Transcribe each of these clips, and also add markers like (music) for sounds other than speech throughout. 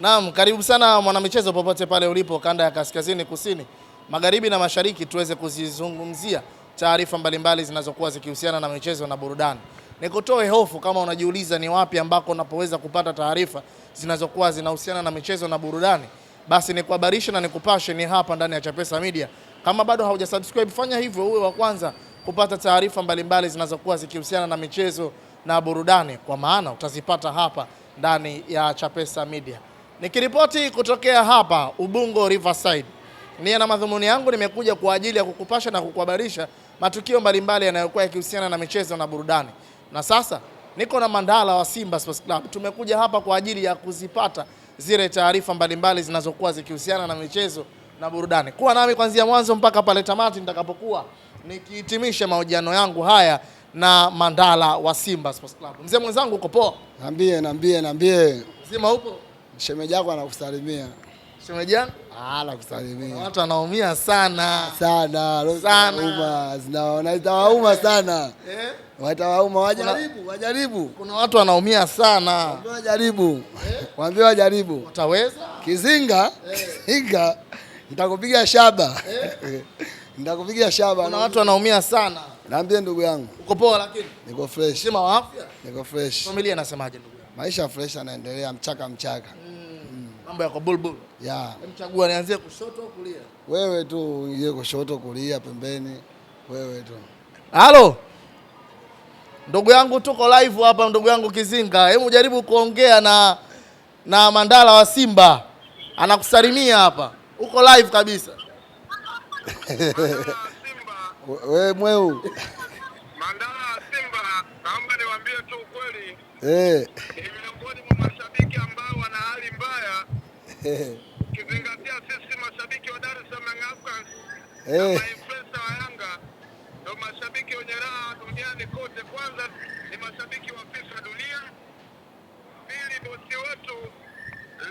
Naam, karibu sana mwanamichezo, popote pale ulipo kanda ya kaskazini, kusini, magharibi na mashariki, tuweze kuzizungumzia taarifa mbalimbali zinazokuwa zikihusiana na michezo na burudani. Nikutoe hofu kama unajiuliza ni wapi ambako unapoweza kupata taarifa zinazokuwa zinahusiana na michezo na burudani, basi nikuhabarishe na nikupashe ni hapa ndani ya Chapesa Media. Kama bado haujasubscribe, fanya hivyo uwe wa kwanza kupata taarifa mbalimbali zinazokuwa zikihusiana na michezo na burudani, kwa maana utazipata hapa ndani ya Chapesa Media. Nikiripoti kutokea hapa Ubungo Riverside, niye na madhumuni yangu nimekuja kwa ajili ya kukupasha na kukuhabarisha matukio mbalimbali yanayokuwa yakihusiana na michezo na burudani. Na sasa niko na Mandala wa Simba Sports Club. Tumekuja hapa kwa ajili ya kuzipata zile taarifa mbalimbali zinazokuwa zikihusiana na michezo na burudani. Kuwa nami kuanzia mwanzo mpaka pale tamati nitakapokuwa nikihitimisha mahojiano yangu haya na Mandala wa Simba Sports Club. Mzee mwenzangu uko poa? Niambie, niambie, niambie. Mzima upo? shemeji yako anakusalimia. Shemeji yangu ah, anakusalimia. Watu wanaumia sana sana sana, zinawauma sana eh? Watawauma, wajaribu wajaribu. Kuna watu wanaumia sana, wajaribu Eh? waambie, wajaribu Utaweza? Kizinga Eh. kizinga, nitakupiga shaba eh? (laughs) Nitakupigia shaba. Kuna watu wanaumia sana. Naambie ndugu yangu. Uko poa lakini? Niko fresh. Sema wa afya? Niko fresh. Familia inasemaje ndugu? maisha fresh anaendelea mchaka mchaka. Mm. Mm. Mambo yako bulbul. Yeah. Mchagua nianzie kushoto kulia. Wewe tu uingie kushoto kulia pembeni. Wewe tu. Halo. Ndugu yangu tuko live hapa, ndugu yangu Kizinga. Hebu jaribu kuongea na na Mandala wa Simba. Anakusalimia hapa. Uko live kabisa. Wewe (laughs) mweu. eh, miongoni mwa mashabiki ambao wana hali mbaya eh. ukizingatia sisi mashabiki wa Dar es Salaam Africans na eh. mainfluencer wa Yanga ndio mashabiki wenye raha duniani kote. Kwanza ni mashabiki wa pesa dunia, pili bosi wetu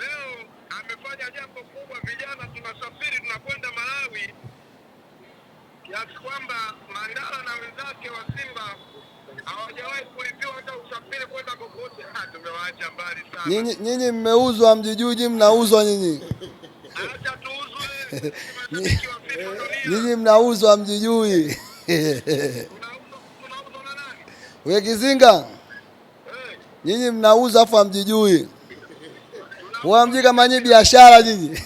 leo amefanya jambo kubwa. Vijana tunasafiri tunakwenda Malawi, kiasi kwamba Mandala na wenzake wa Simba hawajawahi kulipiwa hata usafiri kwenda kokote. (laughs) Ah, tumewaacha mbali sana. Nyinyi mmeuzwa, mjijuji, mnauzwa nyinyi (laughs) nyinyi mnauzwa, mjijui. We Kizinga, eh. nyinyi mnauza afu hamjijui, wamji kama nyi biashara nyinyi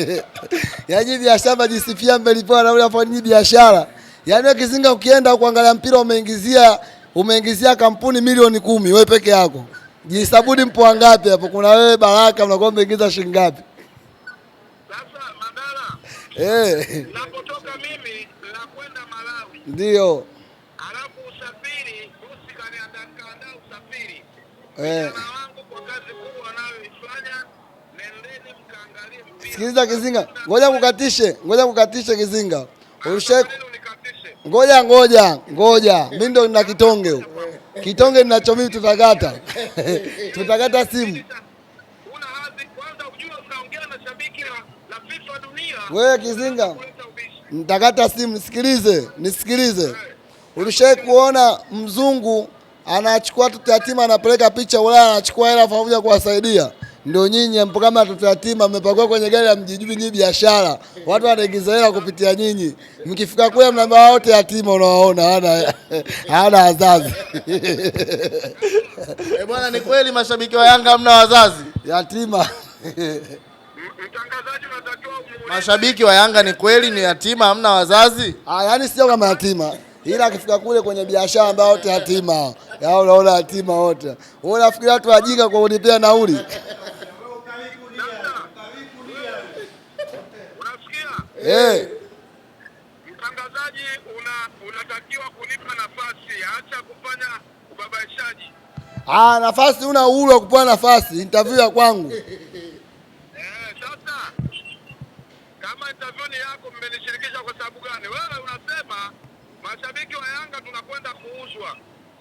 (laughs) yaani biashara majisifia mbelipewa nauli afu nyi biashara. yani, we Kizinga, ukienda kuangalia mpira umeingizia umeingizia kampuni milioni kumi wewe peke yako, jisabuni mpo ngapi hapo? Kuna wewe Baraka, unakuwa umeingiza shilingi ngapi? Sasa eh, napotoka mimi na kwenda Malawi ndio alafu usafiri bosi kaniandaa usafiri eh Sikiliza Kizinga, ngoja kukatishe, ngoja kukatishe Kizinga. Ushawahi Ngoja ngoja ngoja, mimi ndo nina kitonge kitonge ninacho mimi, tutakata (laughs) tutakata simu. Wewe Kizinga, nitakata simu. Nisikilize, nisikilize. Ulishai kuona mzungu anachukua tu yatima, anapeleka picha Ulaya, anachukua hela pamoja kuwasaidia ndio nyinyi mpo kama watoto yatima, mmepakiwa kwenye gari ya mjijui nyinyi biashara, watu wanaingiza hela kupitia nyinyi. Mkifika kule mnaambia wote yatima, unawaona hana (laughs) hana wazazi (laughs) eh, bwana, ni kweli mashabiki wa Yanga hamna wazazi yatima mashabiki wa Yanga ni kweli ni yatima, hamna wazazi. Ah, yani sio kama yatima, ila akifika kule kwenye biashara ambayo wote yatima, yaani unaona yatima wote. Wewe unafikiria watu wajinga kwa kunipea nauli? eh. Mtangazaji, una unatakiwa kunipa nafasi, acha kufanya ubabaishaji. Ah, nafasi una uhuru wa kupewa nafasi interview ya kwangu (laughs) eh. Sasa kama interview ni yako, mmenishirikisha kwa sababu gani? Wewe unasema mashabiki wa Yanga tunakwenda kuuzwa,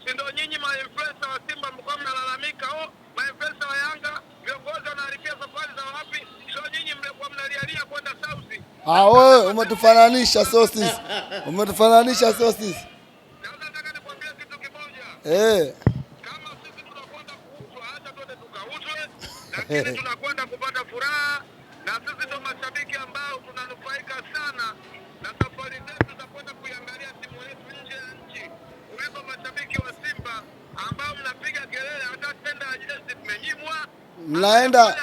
si ndio? Nyinyi ma influencer wa Simba mko mnalalamika, oh, ma influencer wa Yanga viongozi wanaharibia safari za wapi? Sio nyinyi mlikuwa mnalialia kwenda South Ah, wewe umetufananisha sio sisi. Umetufananisha sio Eh. Kama sisi tunakwenda kuuzwa, hata twende lakini tunakwenda kupata furaha na sisi ndio mashabiki ambao tunanufaika sana na safari zetu za kwenda kuiangalia timu yetu nje ya nchi kuliko mashabiki wa Simba ambao mnapiga kelele hata tenda ajira zimenyimwa. Mnaenda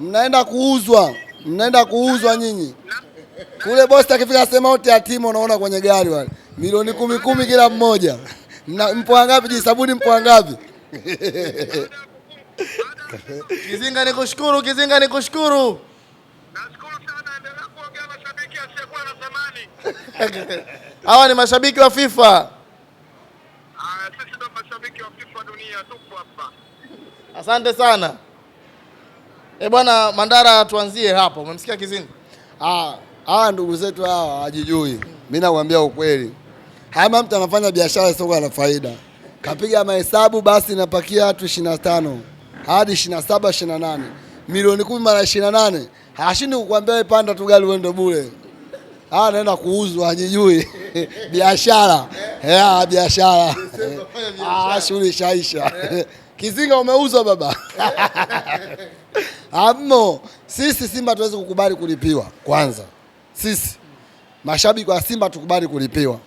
mnaenda kuuzwa, mnaenda kuuzwa nyinyi kule. Bosta akifika sema wote ya timu, unaona kwenye gari wale milioni kumi kumi kila mmoja. Mpoa ngapi? Jisabuni mpo wangapi? Kizinga nikushukuru, Kizinga nikushukuru. Hawa ni mashabiki wa FIFA. Ah, Asante sana. Eh, bwana Mandara, tuanzie hapo. Umemsikia Kizini? Ah, hawa ndugu zetu hawa hajijui. Mimi nakwambia ukweli, hama mtu anafanya biashara sio na faida, kapiga mahesabu basi, napakia watu 25 hadi 27 28 milioni kumi mara 28 hashindi kukwambia wewe panda tu gari uende bure. (laughs) Eh, ah, naenda kuuzwa hajijui biashara yeah, biashara ah, shughuli shaisha. Eh. (laughs) Kizinga umeuzwa baba (laughs) Ammo sisi Simba tuweze kukubali kulipiwa kwanza. Sisi mashabiki wa Simba tukubali kulipiwa,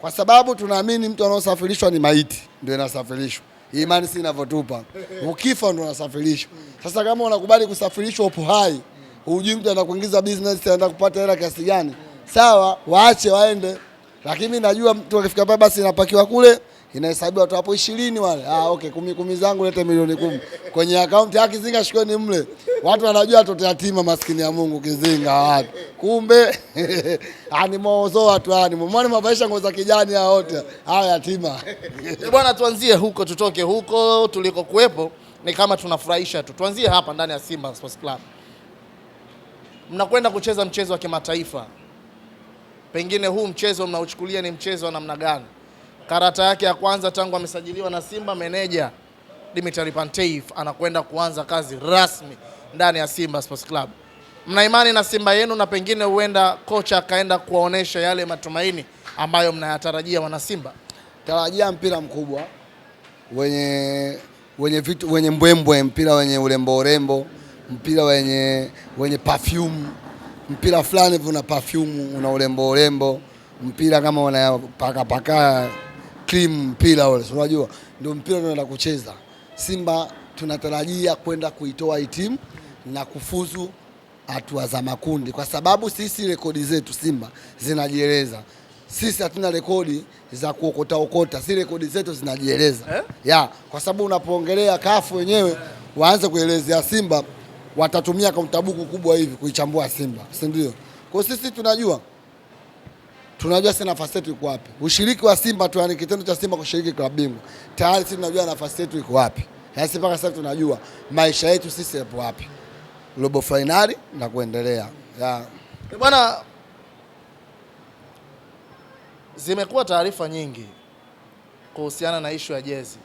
kwa sababu tunaamini mtu anaosafirishwa ni maiti, ndio inasafirishwa. Imani si inavyotupa, (laughs) ukifa ndio unasafirishwa. Sasa kama unakubali kusafirishwa, upo hai, hujui mtu anakuingiza business, anaenda kupata hela kiasi gani? Sawa, waache waende, lakini najua mtu akifika pale basi inapakiwa kule inahesabiwa watu hapo 20 wale. Ah, okay, kumi kumi zangu lete milioni kumi kwenye akaunti ya Kizinga, shikoni mle. Watu wanajua watoto yatima, maskini ya Mungu, Kizinga wapi? Kumbe ani (laughs) ah, mozo watu ani ah, mwana mabaisha ngoza kijani hao wote haya yatima eh, bwana. Tuanzie huko, tutoke huko tuliko kuwepo ni kama tunafurahisha tu. Tuanzie hapa ndani ya Simba Sports Club, mnakwenda kucheza mchezo wa kimataifa, pengine huu mchezo mnauchukulia ni mchezo wa namna gani? karata yake ya kwanza tangu amesajiliwa na Simba, meneja Dimitri Panteif anakwenda kuanza kazi rasmi ndani ya Simba Sports Club. Mna imani na Simba yenu na pengine huenda kocha akaenda kuwaonesha yale matumaini ambayo mnayatarajia wana Simba. Tarajia mpira mkubwa wenye wenye vitu wenye mbwembwe, mpira wenye urembo urembo, mpira wenye wenye perfume, mpira fulani una perfume, una urembo urembo, mpira kama unapakapakaa cream mpira ule, unajua ndio mpira tunaenda kucheza. Simba tunatarajia kwenda kuitoa hii timu na kufuzu hatua za makundi, kwa sababu sisi rekodi zetu Simba zinajieleza. Sisi hatuna rekodi za kuokota okota, si rekodi zetu zinajieleza eh? Ya, kwa sababu unapoongelea kafu wenyewe waanze kuelezea Simba watatumia kauntabuku kubwa hivi kuichambua Simba, si ndio? Kwa sisi tunajua tunajua sisi nafasi yetu iko wapi. Ushiriki wa Simba tu, yani kitendo cha Simba kushiriki klabu bingwa tayari sisi tunajua nafasi yetu iko wapi, yani sisi mpaka sasa tunajua maisha yetu sisi yapo wapi, robo fainali na kuendelea yeah. Bwana, zimekuwa taarifa nyingi kuhusiana na ishu ya jezi,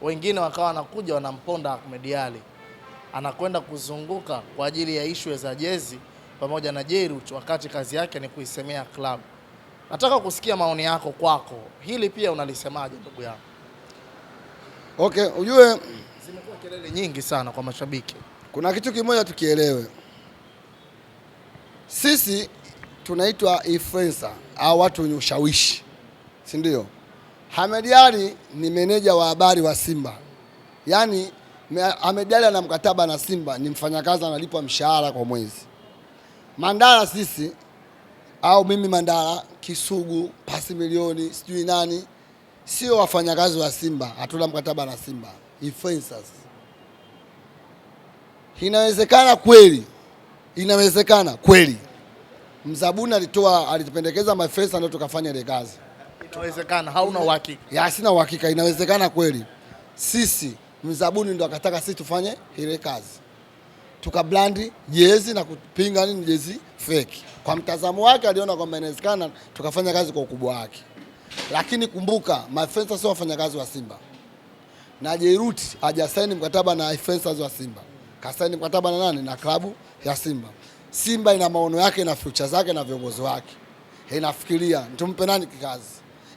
wengine wakawa wanakuja wanamponda Ahmed Ally anakwenda kuzunguka kwa ajili ya ishu za jezi pamoja na Jeruch, wakati kazi yake ni kuisemea klabu Nataka kusikia maoni yako kwako, hili pia unalisemaje ndugu yangu? Okay, ujue zimekuwa kelele nyingi sana kwa mashabiki. Kuna kitu kimoja tukielewe, sisi tunaitwa influencer au watu wenye ushawishi, si ndio? Hamed Ali ni meneja wa habari wa Simba, yaani Hamed Ali ana mkataba na Simba, ni mfanyakazi analipwa mshahara kwa mwezi. Mandala sisi au mimi Mandala Kisugu pasi milioni sijui nani, sio wafanyakazi wa Simba, hatuna mkataba na Simba. Influencers inawezekana kweli, inawezekana kweli. Mzabuni alitoa alitupendekeza mafesa ndio tukafanya ile kazi. Inawezekana, hauna uhakika. Sina uhakika, inawezekana kweli. Sisi mzabuni ndo akataka sisi tufanye ile kazi tukablandi jezi na kupinga nini jezi feki. Kwa mtazamo wake aliona kwamba inawezekana tukafanya kazi kwa ukubwa wake, lakini kumbuka Mafensa sio wafanyakazi wa Simba na Jeruti hajasaini mkataba na Mafensas wa Simba, kasaini mkataba na nani? Na klabu ya Simba. Simba ina maono yake, na future zake na viongozi wake, inafikiria tumpe nani kikazi.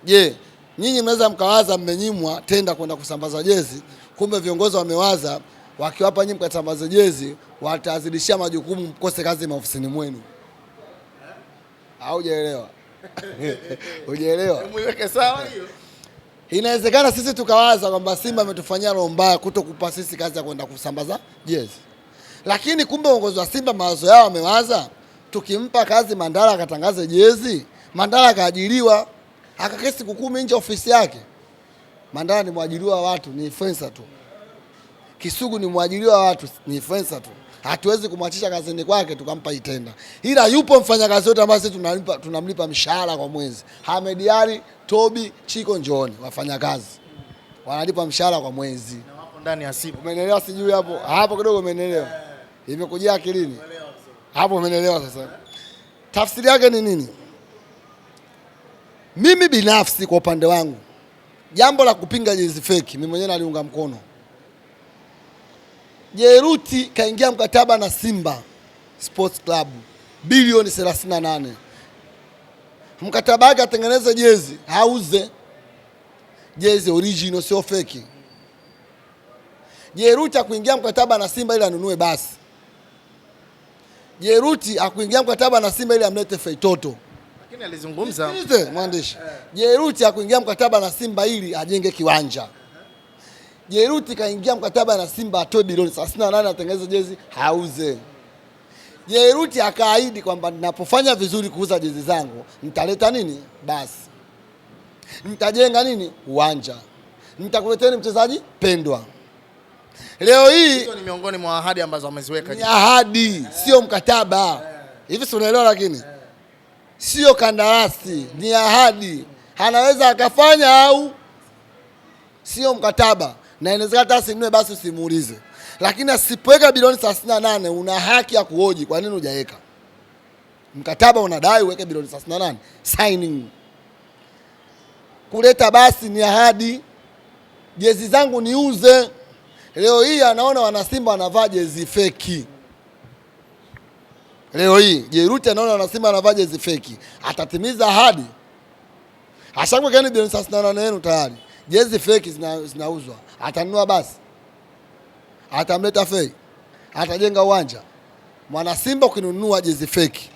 Je, nyinyi mnaweza mkawaza mmenyimwa tenda kwenda kusambaza jezi, kumbe viongozi wamewaza wakiwapa nyinyi mkatambaza jezi watazidishia majukumu, mkose kazi maofisini mwenu. Haujaelewa? (laughs) Hujaelewa? Mweke sawa hiyo. Inawezekana sisi tukawaza kwamba Simba ametufanyia roho mbaya kutokupa sisi kazi ya kwenda kusambaza jezi, lakini kumbe uongozi wa Simba mawazo yao wamewaza, tukimpa kazi Mandala akatangaze jezi, Mandala akaajiriwa akakesi kukumi nje ofisi yake. Mandala ni mwajiriwa watu, ni influencer tu. Kisugu ni mwajiriwa wa watu, ni influencer tu, hatuwezi kumwachisha kazini kwake tukampa itenda, ila yupo mfanyakazi wote ambaye sisi tunalipa, tunamlipa mshahara kwa mwezi. Hamed Ali, Tobi, Chiko, njooni wafanyakazi wanalipa mshahara kwa mwezi na wapo ndani ya siku. Umeelewa? Sijui hapo hapo kidogo umeelewa, eh. Imekuja akilini hapo, umeelewa? Sasa tafsiri yake ni nini? Mimi binafsi kwa upande wangu, jambo la kupinga jezi feki, mimi mwenyewe naliunga mkono. Jeruti kaingia mkataba na Simba Sports Club bilioni 38, mkataba wake atengeneze jezi, auze jezi original, sio feki. Jeruti akuingia mkataba na Simba ili anunue basi. Jeruti akuingia mkataba na Simba ili amlete Feitoto, lakini alizungumza mwandishi. Eh. Jeruti akuingia mkataba na Simba ili ajenge kiwanja Jeruti kaingia mkataba na Simba atoe bilioni 38 atengeneze jezi hauze. Jeruti akaahidi kwamba ninapofanya vizuri kuuza jezi zangu nitaleta nini, basi nitajenga nini, uwanja, nitakuleteni mchezaji pendwa. Leo hii hizo ni miongoni mwa ahadi ambazo ameziweka. Ni ahadi yeah, sio mkataba yeah. Hivi si unaelewa? Lakini yeah, sio kandarasi, ni ahadi, anaweza akafanya au sio mkataba na inawezekana hata asinunue basi usimuulize, lakini asipoweka bilioni 38 una haki ya kuhoji kwa nini hujaweka. Mkataba unadai uweke bilioni 38 signing. Kuleta basi ni ahadi. Jezi zangu niuze leo hii, anaona wanasimba wanavaa jezi feki leo hii Jeruti anaona wanasimba wanavaa jezi feki, atatimiza ahadi. Ashangwe kani bilioni 38 yenu tayari, jezi feki zinauzwa. zina atanunua basi, atamleta fei, atajenga uwanja. Mwana Simba, ukinunua jezi feki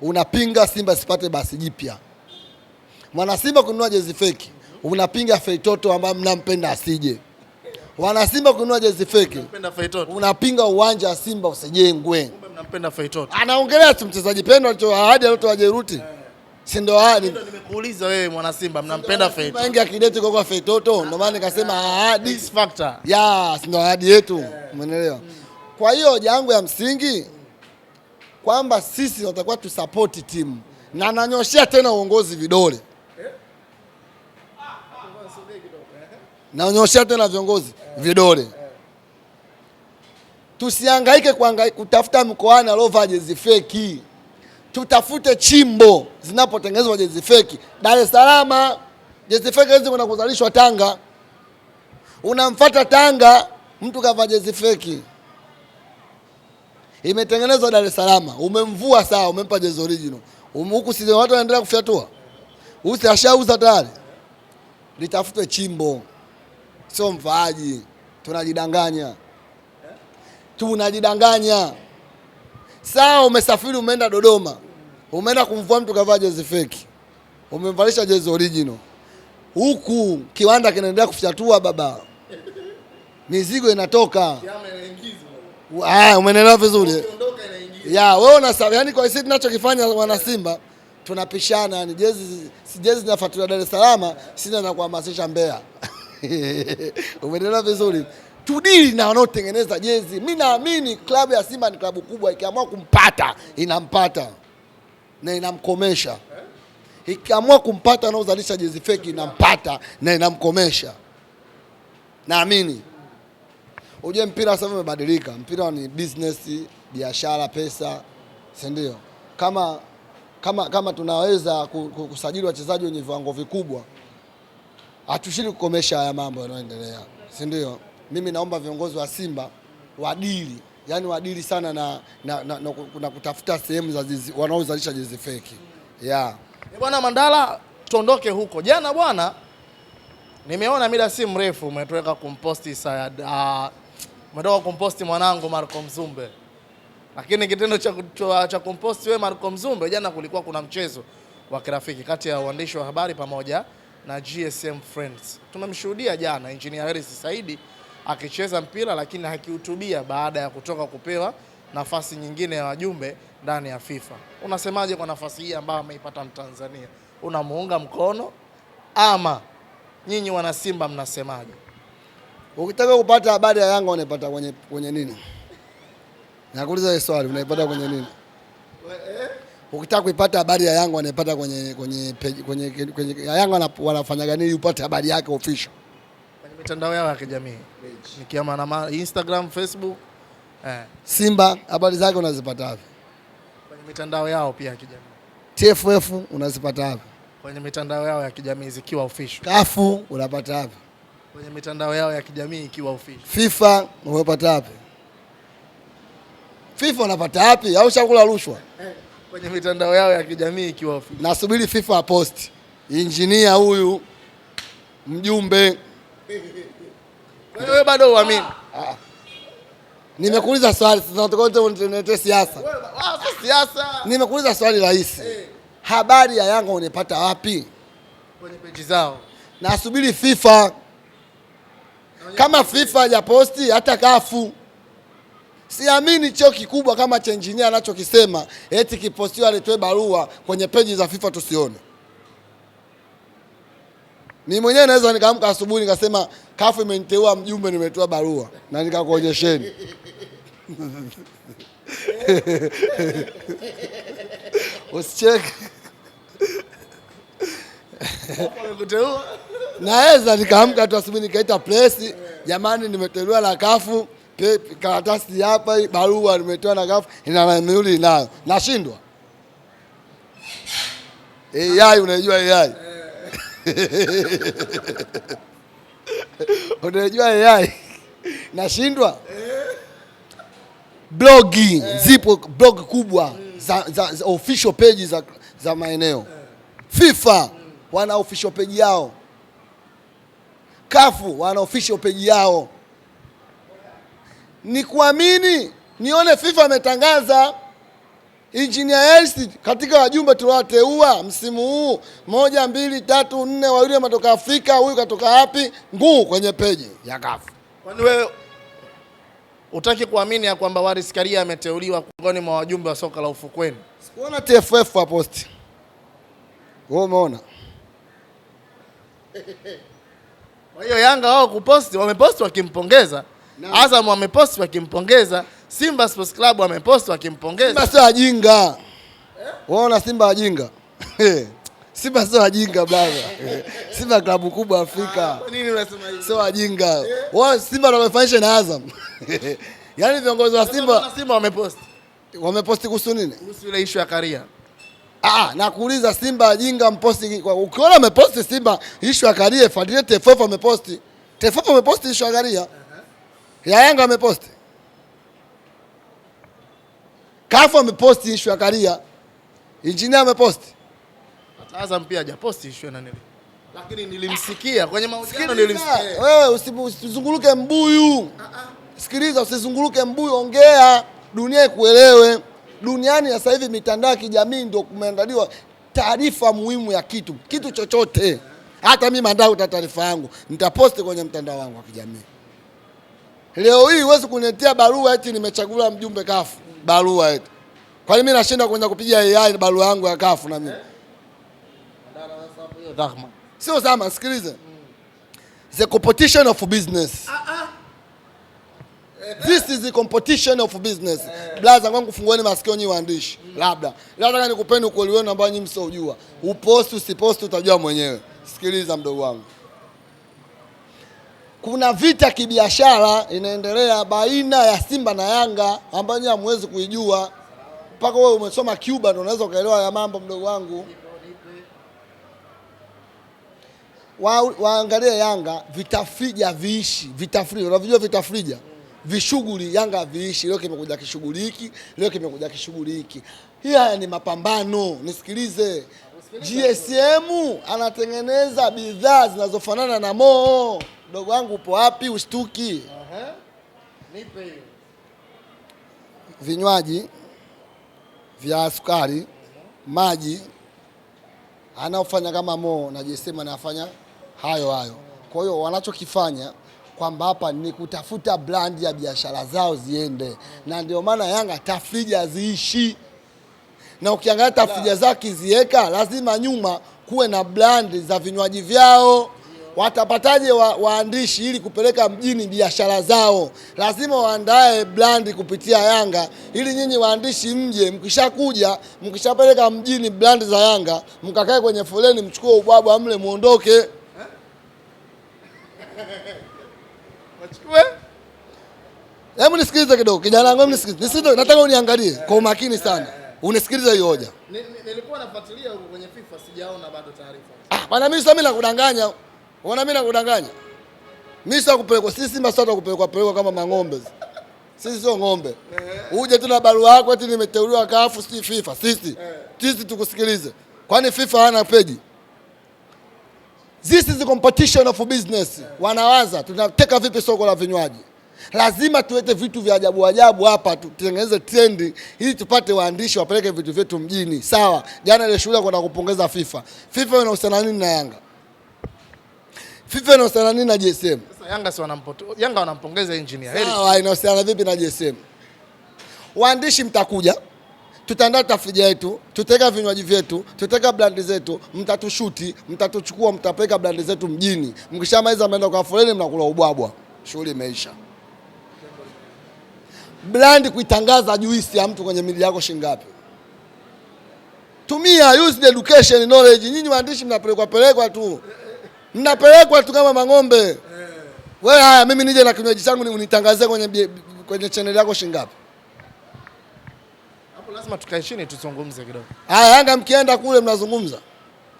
unapinga Simba sipate basi jipya. Mwana Simba, kununua jezi feki unapinga fei ambaye mnampenda asije. Mwana Simba, kununua jezi feki unapinga uwanja wa Simba usijengwe. Mnampenda fei anaongelea mchezaji pendwa alicho ahadi aliotoa Jeruti. Eh si ndo ahadi. Nimekuuliza wewe mwana Simba mnampenda Feitoto. Wengi akideti kwa kwa Feitoto ndio maana nikasema ahadi is factor. Yeah, si ndo ahadi yetu. Umeelewa? Kwa hiyo hoja yangu ya msingi kwamba sisi tutakuwa tu support timu na nanyoshea tena uongozi vidole nanyoshea tena viongozi vidole, tusihangaike kutafuta mkoani aliovaa jezi feki tutafute chimbo zinapotengenezwa jezi feki Dar es Salaam. Jezi feki hizi kuna kuzalishwa Tanga, unamfata Tanga mtu kavaa jezi feki imetengenezwa Dar es Salaam, umemvua sawa, umempa jezi original um, huku, si watu wanaendelea kufyatua, usi ashauza tayari. litafute chimbo, sio mvaaji. Tunajidanganya, tunajidanganya. Sawa, umesafiri umeenda Dodoma, umeenda kumvua mtu kavaa jezi feki, umemvalisha jezi original, huku kiwanda kinaendelea kufyatua baba, mizigo inatoka. Ah, umeelewa vizuri ya wewe una yaani, kwa sisi tunachokifanya wana Simba tunapishana, yani jezi si jezi zinafuatilia Dar es Salaam, sisi tunakuhamasisha kuhamasisha Mbeya. (laughs) Umeelewa vizuri tudili na wanaotengeneza jezi. Mi naamini klabu ya Simba ni klabu kubwa, ikiamua kumpata inampata na inamkomesha. Ikiamua kumpata anaozalisha jezi feki inampata na inamkomesha. Naamini ujue mpira sasa umebadilika, mpira ni business, biashara, pesa, si ndio? Kama, kama, kama tunaweza kusajili wachezaji wenye viwango vikubwa, hatushiri kukomesha haya mambo yanayoendelea, si ndio? mimi naomba viongozi wa Simba wadili, yani wadili sana na, na, na, na, na kutafuta sehemu za wanaozalisha jezi feki yeah. Bwana Mandala, tuondoke huko. Jana bwana, nimeona mida si mrefu umetoweka kumposti Sayad, uh, umetoka kumposti mwanangu Marco Mzumbe, lakini kitendo cha, cha, cha kumposti wewe Marco Mzumbe, jana kulikuwa kuna mchezo wa kirafiki kati ya waandishi wa habari pamoja na GSM Friends. Tumemshuhudia jana Engineer Harris Saidi akicheza mpira lakini hakihutubia baada ya kutoka kupewa nafasi nyingine ya wajumbe ndani ya FIFA. Unasemaje kwa nafasi hii ambayo ameipata Mtanzania? Unamuunga mkono ama nyinyi wana Simba mnasemaje? Ukitaka kupata habari ya Yanga unaipata kwenye kwenye nini? Nakuuliza hilo swali, unaipata kwenye nini? Ukitaka kuipata habari ya Yanga unaipata kwenye kwenye kwenye, kwenye, kwenye Yanga wanafanyaga nini upate habari yake official? mitandao yao ya kijamii na Instagram, Facebook eh. Simba habari zake unazipata wapi? Kwenye mitandao yao pia ya kijamii. TFF unazipata wapi? Kwenye mitandao yao ya kijamii zikiwa official. Kafu unapata wapi? Kwenye mitandao yao ya kijamii ikiwa official. FIFA unapata wapi? FIFA unapata wapi? Au shakula rushwa? Kwenye mitandao yao ya kijamii ikiwa official. Nasubiri FIFA aposti. Injinia huyu mjumbe wewe bado uamini? Ah, ah. Nimekuuliza swali sasa, siasa ah, siasa. Nimekuuliza swali rahisi, eh. habari ya Yanga unaipata wapi? Kwenye peji zao. Nasubiri FIFA, kama FIFA ya posti hata kafu Siamini cheo kikubwa kama cha engineer anachokisema, eti kipostiwa aletoe barua kwenye peji za FIFA tusione. Ni mwenyewe naweza nikaamka asubuhi nikasema kafu imeniteua mjumbe, nimetoa barua na nikakuonyesheni (laughs) usicheke. (laughs) Naweza nikaamka tu asubuhi nikaita presi, jamani, nimeteuliwa na kafu, karatasi hapa, barua nimetoa na kafu, ina nayo nashindwa. AI, unajua AI (laughs) Unajua AI nashindwa blogi zipo blog kubwa za, za, za official page za, za maeneo FIFA wana official page yao, kafu wana official page yao. Ni kuamini nione FIFA ametangaza Engineer Hersi katika wajumbe tuliowateua msimu huu, moja, mbili, tatu, nne, wawili wametoka Afrika, huyu katoka wapi? Nguu kwenye peji ya kafu. Kwani wewe utaki kuamini ya kwamba Waris Karia ameteuliwa miongoni mwa wajumbe wa soka la ufukweni? Sikuona TFF wa post. wewe umeona? Kwa hiyo Yanga wao kuposti, wameposti wakimpongeza, Azam wameposti wakimpongeza Simba Sports Club ameposti wakimpongeza. Simba sio ajinga. eh? Waona Simba ajinga? (laughs) Eh. Simba sio ajinga bwana. Eh. Simba klabu kubwa Afrika. Ah, kwa nini unasema hivi? Sio ajinga. Eh. Wao Simba wamefanyisha na Azam. (laughs) Yaani viongozi wa Simba na Simba wamepost. Wameposti kuhusu nini? Kuhusu ile issue ya Karia. Ah, nakuuliza Simba ajinga mposti. Ukiona ameposti Simba issue ya Karia, Fadilete Fofa ameposti. Tefofa ameposti issue ya Karia. Ya Yanga ameposti. Kafu ameposti issue ya Karia. Injinia ameposti. Azam pia hajaposti issue na nini, Lakini nilimsikia kwenye mahojiano nilimsikia. Wewe usizunguluke mbuyu. Sikiliza, usizunguluke mbuyu, ongea, dunia ikuelewe. Duniani sasa hivi mitandao ya kijamii ndio kumeandaliwa taarifa muhimu ya kitu kitu chochote. Hata mimi mandao ta taarifa yangu nitaposti kwenye mtandao wangu wa kijamii. Leo hii huwezi kuniletea barua eti nimechaguliwa mjumbe Kafu barua eti. Kwa nini mimi nashindwa kuanza kupiga AI barua yangu ya kafu na mimi? Sio zama, sikilize. The competition of business. This is the competition of business. Blaza wangu fungueni masikio nyi waandishi. Labda. Nataka nikupeni ukweli wenu ambao nyinyi msiojua. Upost usipost utajua mwenyewe. Sikiliza mdogo wangu kuna vita kibiashara inaendelea baina ya Simba na Yanga ambayo nyinyi hamwezi kuijua mpaka wewe umesoma Cuba ndio unaweza ukaelewa ya mambo, mdogo wangu. Wa, waangalie Yanga vitafrija viishi, vitafrija unavijua, vitafrija vishughuli Yanga viishi. Leo kimekuja kishughuli hiki, leo kimekuja kishughuli hiki. Haya ni mapambano, nisikilize. GSM anatengeneza bidhaa zinazofanana na moo. Mdogo wangu upo wapi? ushtuki Nipe hiyo. Vinywaji vya sukari, maji anaofanya kama moo na GSM anafanya hayo hayo. Kwa hiyo wanachokifanya kwamba hapa ni kutafuta brand ya biashara zao ziende, na ndio maana Yanga tafrija ziishi na ukiangalia tafsiri zake kiziweka, lazima nyuma kuwe na brand za vinywaji vyao. Watapataje wa, waandishi ili kupeleka mjini biashara zao? Lazima waandae brand kupitia Yanga ili nyinyi waandishi mje, mkishakuja mkishapeleka mjini brand za Yanga, mkakae kwenye foleni mchukue ubwabwa mle muondoke. Hebu nisikilize kidogo kijana wangu, nisikilize, nataka uniangalie kwa umakini sana. Unisikiliza hiyo hoja. Nilikuwa nafuatilia huko kwenye FIFA sijaona bado taarifa. Ah, bwana mimi sasa mimi nakudanganya. Unaona mimi nakudanganya. Mimi sasa kupelekwa sisi Simba sasa tukupelekwa pelekwa kama mang'ombe. Sisi sio ng'ombe. Eh. Uje tu na barua yako eti nimeteuliwa kafu si FIFA sisi. Eh. Sisi tukusikilize. Kwani FIFA hana peji? This is the competition of business. Eh. Wanawaza tunateka vipi soko la vinywaji? lazima tuwete vitu vya ajabu ajabu hapa, tutengeneze trendi ili tupate waandishi wapeleke vitu vyetu mjini. Sawa, jana ile shule kwenda kupongeza FIFA. FIFA inahusiana nini na Yanga? FIFA inahusiana nini na JSM? Yanga si wanampoto, Yanga wanampongeza engineer. Sawa, inahusiana vipi na JSM? Waandishi mtakuja tutaandaa tafrija yetu, tutaweka vinywaji vyetu, tutaweka brandi zetu, mtatushuti, mtatuchukua, mtapeka brandi zetu mjini. Mkishamaliza mnaenda kwa foleni, mnakula ubwabwa, shughuli imeisha brand kuitangaza juisi ya mtu kwenye mili yako shilingi ngapi? Tumia, use the education knowledge. Nyinyi waandishi mnapelekwa pelekwa tu, mnapelekwa tu kama mang'ombe. Wewe haya, mimi nije na kinywaji changu unitangazie kwenye kwenye channel yako shilingi ngapi? Hapo lazima tukae chini tuzungumze kidogo. Haya, Yanga mkienda kule mnazungumza,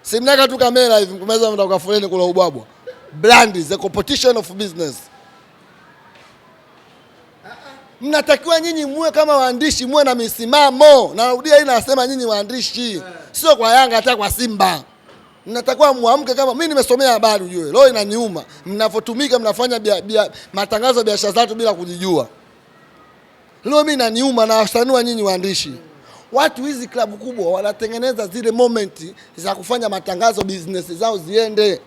si mnaka tu kamera hivi, mkumeza, mnataka foleni kula ubwabwa. Brand is a competition of business mnatakiwa nyinyi muwe kama waandishi, muwe na misimamo. Narudia hii, nasema nyinyi waandishi, eh. sio kwa Yanga, hata kwa Simba mnatakiwa muamke. Kama mimi nimesomea habari, ujue leo inaniuma mnavyotumika, mnafanya bia, bia, matangazo ya biashara zetu bila kujijua. Leo mimi inaniuma na wasanua nyinyi waandishi. Watu hizi klabu kubwa wanatengeneza zile momenti za kufanya matangazo, business zao ziende.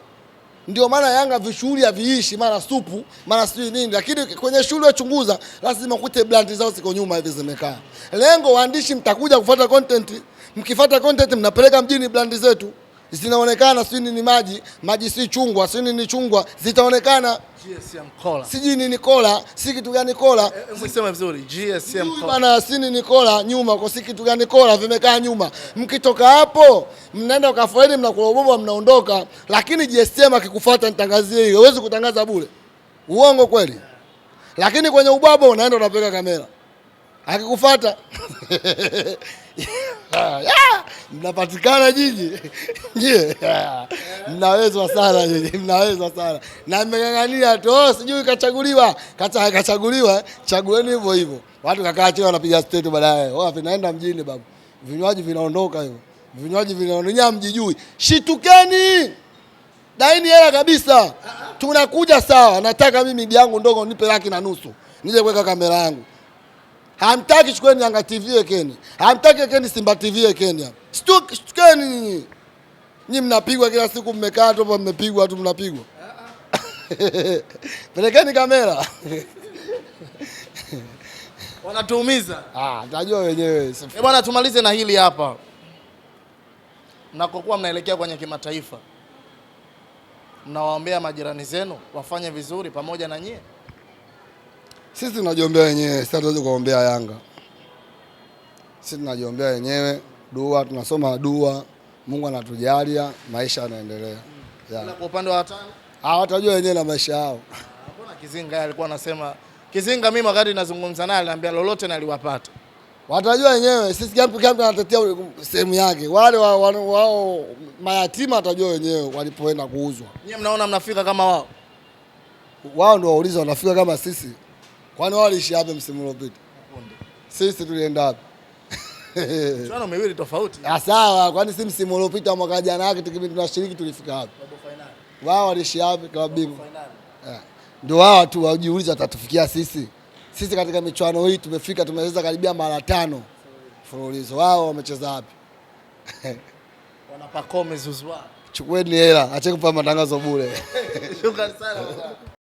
Ndio maana Yanga vishughuli haviishi, mara supu, mara sijui nini, lakini kwenye shule wachunguza, lazima ukute brand zao ziko nyuma hivi zimekaa. Lengo waandishi, mtakuja kufuata content, mkifuata content mnapeleka mjini brand zetu zinaonekana, si ni maji maji, si chungwa, si ni chungwa, zitaonekana GSM Cola, sijui nini Cola, si kitu gani Cola, msema eh, eh, vizuri GSM Cola bana, si ni Cola nyuma kwa si kitu gani Cola, vimekaa nyuma. Mkitoka hapo mnaenda ukafoeni, mnakula ubobo, mnaondoka. Lakini GSM akikufuata nitangazie hiyo, huwezi kutangaza bure, uongo kweli. Lakini kwenye ubaba unaenda unapeka kamera, akikufuata (laughs) Ah, ah, mnapatikana jiji (laughs) ah, mnawezwa sana jiji, mnawezwa sana na mmeng'ang'ania tu, oh, sijui kachaguliwa kata kachaguliwa, eh? chagueni hivyo hivyo. Watu kakaa chini wanapiga state, baadaye oh, vinaenda mjini, babu, vinywaji vinaondoka hivyo, vinywaji vinaondoka, mjijui, shitukeni, daini hela kabisa, tunakuja sawa. Nataka mimi midi yangu ndogo nipe laki na nusu nije kuweka kamera yangu Hamtaki, chukueni Yanga TV ekeni, hamtaki ekeni Simba TV ekeni Shtukeni nyinyi, Nyi mnapigwa kila siku, mmekaa tu hapa mmepigwa tu, mnapigwa (laughs) pelekeni kamera (laughs) wanatuumiza. Ah, tajua wenyewe eh, bwana. Tumalize na hili hapa, mnakokuwa mnaelekea kwenye kimataifa, mnawaombea majirani zenu wafanye vizuri pamoja na nyie. Sisi tunajiombea wenyewe, sasa tuweze kuombea Yanga. Sisi tunajiombea wenyewe dua, tunasoma dua, Mungu anatujalia, maisha yanaendelea. Kwa upande wa watani, ah, watajua wenyewe na maisha yao. Ah, mbona Kizinga alikuwa anasema Kizinga, mimi wakati nazungumza naye aliniambia lolote naliwapata. Watajua wenyewe, sisi kila mtu anatetea sehemu yake. Wale wao wa, wa, wa, mayatima watajua wenyewe walipoenda kuuzwa. Nyie mnaona mnafika kama wao? Wao ndio wauliza wanafika kama sisi. Kwani wao waliishi hapa msimu uliopita? Sisi tulienda hapa. Michuano miwili tofauti. Ah, sawa, kwani si msimu uliopita mwaka jana yake tukibidi tunashiriki tulifika hapa. Robo finali. Wao waliishi hapa kwa bingu? Ndio wao tu wajiuliza watatufikia sisi. Sisi katika michuano hii tumefika tumecheza karibia mara tano mfululizo. Wao wamecheza wapi? (laughs) Wanapakome zuzwa. Chukueni hela, acha kupa matangazo bure. (laughs) Shukrani sana.